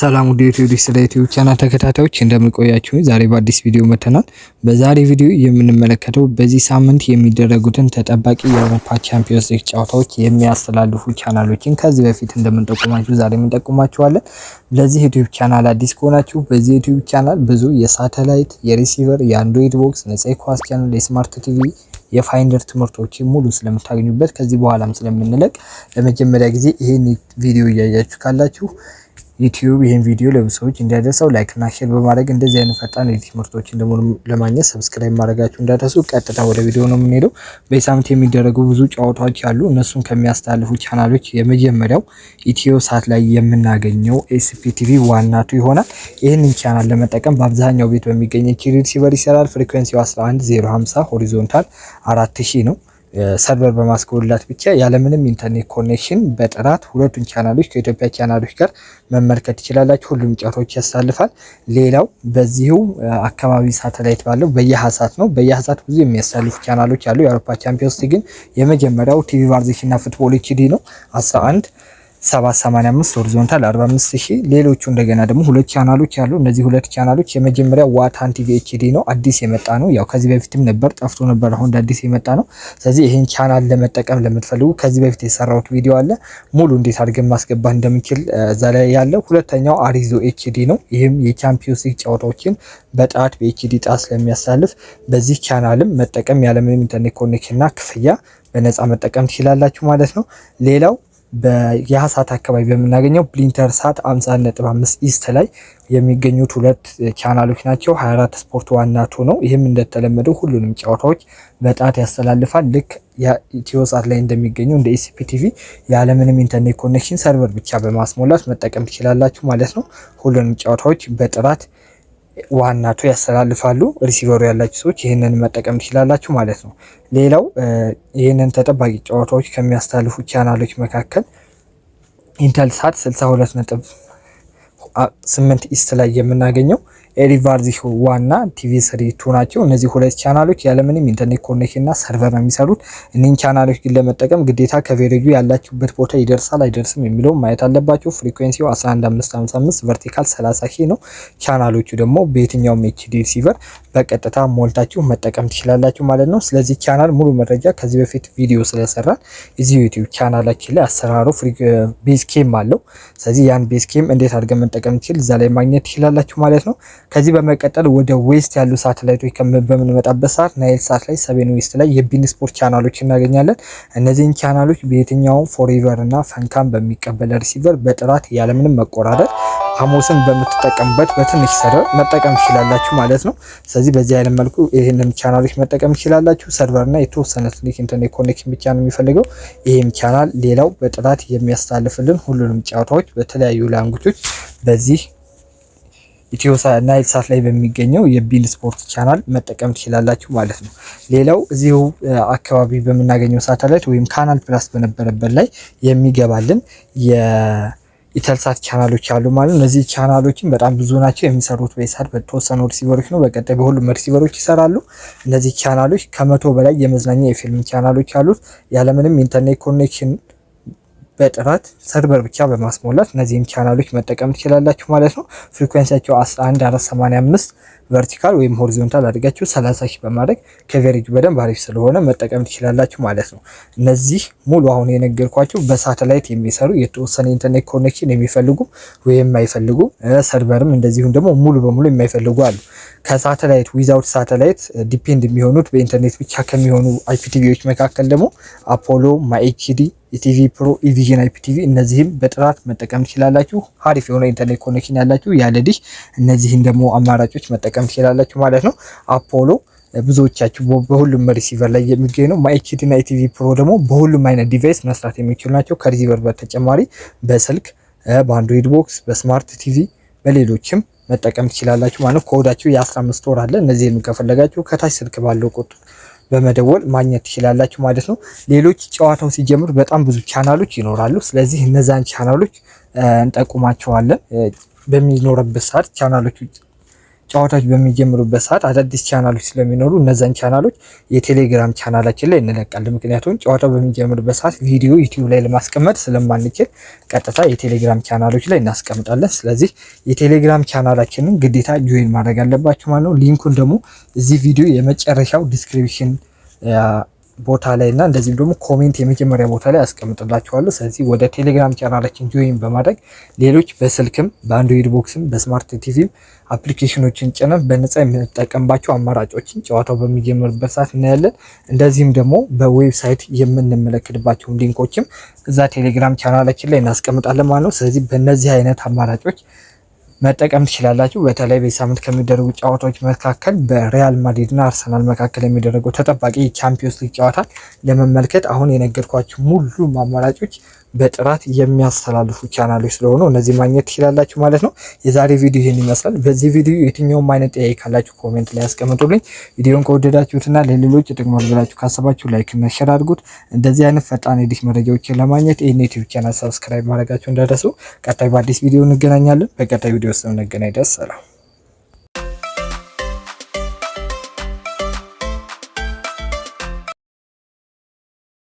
ሰላም ውድ ዩቲዩብ ላይ ዩቲዩብ ቻናል ተከታታዮች እንደምንቆያችሁ፣ ዛሬ በአዲስ ቪዲዮ መተናል። በዛሬ ቪዲዮ የምንመለከተው በዚህ ሳምንት የሚደረጉትን ተጠባቂ የአውሮፓ ቻምፒዮንስ ሊግ ጨዋታዎች የሚያስተላልፉ ቻናሎችን ከዚህ በፊት እንደምንጠቁማችሁ ዛሬ የምንጠቁማችኋለን። ለዚህ ዩቲዩብ ቻናል አዲስ ከሆናችሁ በዚህ ዩቲዩብ ቻናል ብዙ የሳተላይት የሪሲቨር፣ የአንድሮይድ ቦክስ፣ ነጻ ኳስ ቻናል፣ የስማርት ቲቪ የፋይንደር ትምህርቶች ሙሉ ስለምታገኙበት ከዚህ በኋላም ስለምንለቅ ለመጀመሪያ ጊዜ ይህን ቪዲዮ እያያችሁ ካላችሁ ዩቲዩብ ይህን ቪዲዮ ለብዙ ሰዎች እንዲያደርሰው ላይክ እና ሼር በማድረግ እንደዚህ አይነት ፈጣን የዩቲዩብ ምርቶችን ለማግኘት ሰብስክራይብ ማድረጋችሁ እንዳደርሱ። ቀጥታ ወደ ቪዲዮ ነው የምንሄደው። በሳምንት የሚደረጉ ብዙ ጨዋታዎች አሉ። እነሱን ከሚያስተላልፉ ቻናሎች የመጀመሪያው ኢትዮ ሳት ላይ የምናገኘው ኤስፒቲቪ ዋናቱ ይሆናል። ይህንን ቻናል ለመጠቀም በአብዛኛው ቤት በሚገኝ ሪሲቨር ይሰራል። ፍሪኩዌንሲው 11050 ሆሪዞንታል 4000 ነው። ሰርቨር በማስገባት ብቻ ያለምንም ኢንተርኔት ኮኔክሽን በጥራት ሁለቱን ቻናሎች ከኢትዮጵያ ቻናሎች ጋር መመልከት ትችላላችሁ። ሁሉም ጨቶች ያሳልፋል። ሌላው በዚሁ አካባቢ ሳተላይት ባለው በየሀሳት ነው። በየሀሳት ብዙ የሚያሳልፉ ቻናሎች አሉ። የአውሮፓ ቻምፒዮንስ ሊግን የመጀመሪያው ቲቪ ቫርዜሽና ፉትቦል ኤችዲ ነው 11 785 ሆሪዞንታል 45000። ሌሎቹ እንደገና ደግሞ ሁለት ቻናሎች አሉ። እነዚህ ሁለት ቻናሎች የመጀመሪያ ዋታን ቲቪ ኤችዲ ነው፣ አዲስ የመጣ ነው። ያው ከዚህ በፊትም ነበር ጠፍቶ ነበር፣ አሁን አዲስ የመጣ ነው። ስለዚህ ይሄን ቻናል ለመጠቀም ለምትፈልጉ ከዚህ በፊት የሰራሁት ቪዲዮ አለ፣ ሙሉ እንዴት አድርገን ማስገባት እንደምንችል እዛ ላይ ያለ። ሁለተኛው አሪዞ ኤችዲ ነው። ይህም የቻምፒዮንስ ሊግ ጨዋታዎችን በጣት በኤችዲ ጣት ስለሚያሳልፍ በዚህ ቻናልም መጠቀም ያለምንም ኢንተርኔት ኮኔክሽንና ክፍያ በነፃ መጠቀም ትችላላችሁ ማለት ነው። ሌላው የሀሳት አካባቢ በምናገኘው ብሊንተር ሳት 51.5 ኢስት ላይ የሚገኙት ሁለት ቻናሎች ናቸው። 24 ስፖርት ቱ ነው። ይህም እንደተለመደው ሁሉንም ጨዋታዎች በጣት ያስተላልፋል። ልክ ኢትዮሳት ላይ እንደሚገኘው እንደ ቲቪ ያለምንም ኢንተርኔት ኮኔክሽን ሰርቨር ብቻ በማስሞላት መጠቀም ትችላላችሁ ማለት ነው። ሁሉንም ጨዋታዎች በጥራት ዋናቱ ያስተላልፋሉ። ሪሲቨሩ ያላችሁ ሰዎች ይህንን መጠቀም ትችላላችሁ ማለት ነው። ሌላው ይህንን ተጠባቂ ጨዋታዎች ከሚያስተላልፉ ቻናሎች መካከል ኢንተልሳት 62 ነጥብ 8 ኢስት ላይ የምናገኘው ኤሪቫርዚሆ ዋና ቲቪ ስሪ ቱ ናቸው። እነዚህ ሁለት ቻናሎች ያለምንም ኢንተርኔት ኮኔክሽን እና ሰርቨር ነው የሚሰሩት። እኒህን ቻናሎች ግን ለመጠቀም ግዴታ ከቬሬጁ ያላችሁበት ቦታ ይደርሳል አይደርስም የሚለው ማየት አለባቸው። ፍሪኩዌንሲው 11555 ቨርቲካል 30 ሺህ ነው። ቻናሎቹ ደግሞ በየትኛውም ኤችዲ ሪሲቨር በቀጥታ ሞልታችሁ መጠቀም ትችላላችሁ ማለት ነው። ስለዚህ ቻናል ሙሉ መረጃ ከዚህ በፊት ቪዲዮ ስለሰራን እዚህ ዩቲዩብ ቻናላችን ላይ አሰራሩ ቤዝኬም አለው። ስለዚህ ያን ኬም እንዴት አድርገን መጠቀም ትችል እዛ ላይ ማግኘት ትችላላችሁ ማለት ነው። ከዚህ በመቀጠል ወደ ዌስት ያሉ ሳተላይቶች በምንመጣበት ሰዓት ናይል ሳት ላይ ሰቤን ዌስት ላይ የቢን ስፖርት ቻናሎች እናገኛለን። እነዚህን ቻናሎች በየትኛውም ፎሬቨር እና ፈንካም በሚቀበል ሪሲቨር በጥራት ያለምንም መቆራረጥ ሀሞስን በምትጠቀምበት በትንሽ ሰርቨር መጠቀም ይችላላችሁ ማለት ነው። ስለዚህ በዚህ አይነት መልኩ ይህንን ቻናሎች መጠቀም ይችላላችሁ። ሰርቨር እና የተወሰነ ትንሽ ኢንተርኔት ኮኔክሽን ብቻ ነው የሚፈልገው። ይህም ቻናል ሌላው በጥራት የሚያስተላልፍልን ሁሉንም ጨዋታዎች በተለያዩ ላንጉጆች በዚህ ኢትዮ ናይል ሳት ላይ በሚገኘው የቢል ስፖርት ቻናል መጠቀም ትችላላችሁ ማለት ነው። ሌላው እዚሁ አካባቢ በምናገኘው ሳተላይት ወይም ካናል ፕላስ በነበረበት ላይ የሚገባልን የኢተልሳት ቻናሎች አሉ ማለት ነው። እነዚህ ቻናሎችን በጣም ብዙ ናቸው። የሚሰሩት በኢሳት በተወሰኑ ሪሲቨሮች ነው። በቀጣይ በሁሉም ሪሲቨሮች ይሰራሉ። እነዚህ ቻናሎች ከመቶ በላይ የመዝናኛ የፊልም ቻናሎች አሉት ያለምንም ኢንተርኔት ኮኔክሽን በጥራት ሰርቨር ብቻ በማስሞላት እነዚህም ቻናሎች መጠቀም ትችላላችሁ ማለት ነው። ፍሪኩዌንሲያቸው 11485 ቨርቲካል ወይም ሆሪዞንታል አድርጋችሁ 30 ሺህ በማድረግ ከቬሬጁ በደንብ አሪፍ ስለሆነ መጠቀም ትችላላችሁ ማለት ነው። እነዚህ ሙሉ አሁን የነገርኳቸው በሳተላይት የሚሰሩ የተወሰነ ኢንተርኔት ኮኔክሽን የሚፈልጉ ወይም የማይፈልጉ ሰርቨርም እንደዚሁም ደግሞ ሙሉ በሙሉ የማይፈልጉ አሉ። ከሳተላይት ዊዛውት ሳተላይት ዲፔንድ የሚሆኑት በኢንተርኔት ብቻ ከሚሆኑ አይፒቲቪዎች መካከል ደግሞ አፖሎ፣ ማኤችዲ የቲቪ ፕሮ፣ ኢቪዥን፣ አይፒቲቪ እነዚህም በጥራት መጠቀም ትችላላችሁ። አሪፍ የሆነ ኢንተርኔት ኮኔክሽን ያላችሁ ያለዲሽ እነዚህን ደግሞ አማራጮች መጠቀም ትችላላችሁ ማለት ነው። አፖሎ ብዙዎቻችሁ በሁሉም ሪሲቨር ላይ የሚገኝ ነው። ማይችድ እና ኢቲቪ ፕሮ ደግሞ በሁሉም አይነት ዲቫይስ መስራት የሚችሉ ናቸው። ከሪሲቨር በተጨማሪ በስልክ በአንድሮይድ ቦክስ፣ በስማርት ቲቪ፣ በሌሎችም መጠቀም ትችላላችሁ ማለት ነው። ከወዳችሁ የ15 ወር አለ። እነዚህ ከፈለጋችሁ ከታች ስልክ ባለው ቁጥር በመደወል ማግኘት ትችላላችሁ ማለት ነው። ሌሎች ጨዋታው ሲጀምር በጣም ብዙ ቻናሎች ይኖራሉ። ስለዚህ እነዛን ቻናሎች እንጠቁማቸዋለን በሚኖርበት ሰዓት ቻናሎች ጨዋታዎች በሚጀምሩበት ሰዓት አዳዲስ ቻናሎች ስለሚኖሩ እነዛን ቻናሎች የቴሌግራም ቻናላችን ላይ እንለቃለን። ምክንያቱም ጨዋታው በሚጀምርበት ሰዓት ቪዲዮ ዩቲዩብ ላይ ለማስቀመጥ ስለማንችል ቀጥታ የቴሌግራም ቻናሎች ላይ እናስቀምጣለን። ስለዚህ የቴሌግራም ቻናላችንን ግዴታ ጆይን ማድረግ አለባቸው ማለት ነው። ሊንኩን ደግሞ እዚህ ቪዲዮ የመጨረሻው ዲስክሪፕሽን ቦታ ላይ እና እንደዚህም ደግሞ ኮሜንት የመጀመሪያ ቦታ ላይ አስቀምጥላችኋለሁ። ስለዚህ ወደ ቴሌግራም ቻናላችን ጆይን በማድረግ ሌሎች በስልክም በአንድሮይድ ቦክስም በስማርት ቲቪም አፕሊኬሽኖችን ጭነን በነፃ የምንጠቀምባቸው አማራጮችን ጨዋታው በሚጀምርበት ሰዓት እናያለን። እንደዚህም ደግሞ በዌብሳይት የምንመለከትባቸው ሊንኮችም እዛ ቴሌግራም ቻናላችን ላይ እናስቀምጣለን ማለት ነው። ስለዚህ በእነዚህ አይነት አማራጮች መጠቀም ትችላላችሁ። በተለይ በሳምንት ከሚደረጉ ጨዋታዎች መካከል በሪያል ማድሪድ እና አርሰናል መካከል የሚደረገው ተጠባቂ የቻምፒዮንስ ሊግ ጨዋታ ለመመልከት አሁን የነገርኳችሁ ሙሉም አማራጮች በጥራት የሚያስተላልፉ ቻናሎች ስለሆኑ እነዚህ ማግኘት ትችላላችሁ ማለት ነው። የዛሬ ቪዲዮ ይህን ይመስላል። በዚህ ቪዲዮ የትኛውም አይነት ጥያቄ ካላችሁ ኮሜንት ላይ ያስቀምጡልኝ። ቪዲዮን ከወደዳችሁትና ለሌሎች ይጠቅማል ብላችሁ ካሰባችሁ ላይክ እና ሼር አድርጉት። እንደዚህ አይነት ፈጣን የዲሽ መረጃዎችን ለማግኘት ይህን ዩቲዩብ ቻናል ሰብስክራይብ ማድረጋችሁ እንዳደረሱ። ቀጣይ በአዲስ ቪዲዮ እንገናኛለን። በቀጣይ ቪዲዮ ውስጥ እንገናኝ። ደስ ሰላም